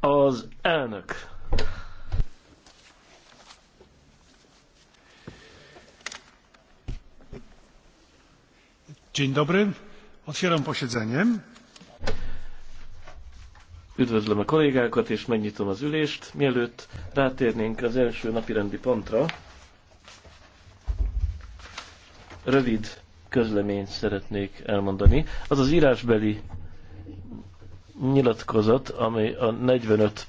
Az elnök. Dzień dobry. Otwieram posiedzenie. Üdvözlöm a kollégákat, és megnyitom az ülést. Mielőtt rátérnénk az első napirendi pontra, rövid közleményt szeretnék elmondani. Az az írásbeli nyilatkozat, ami a 45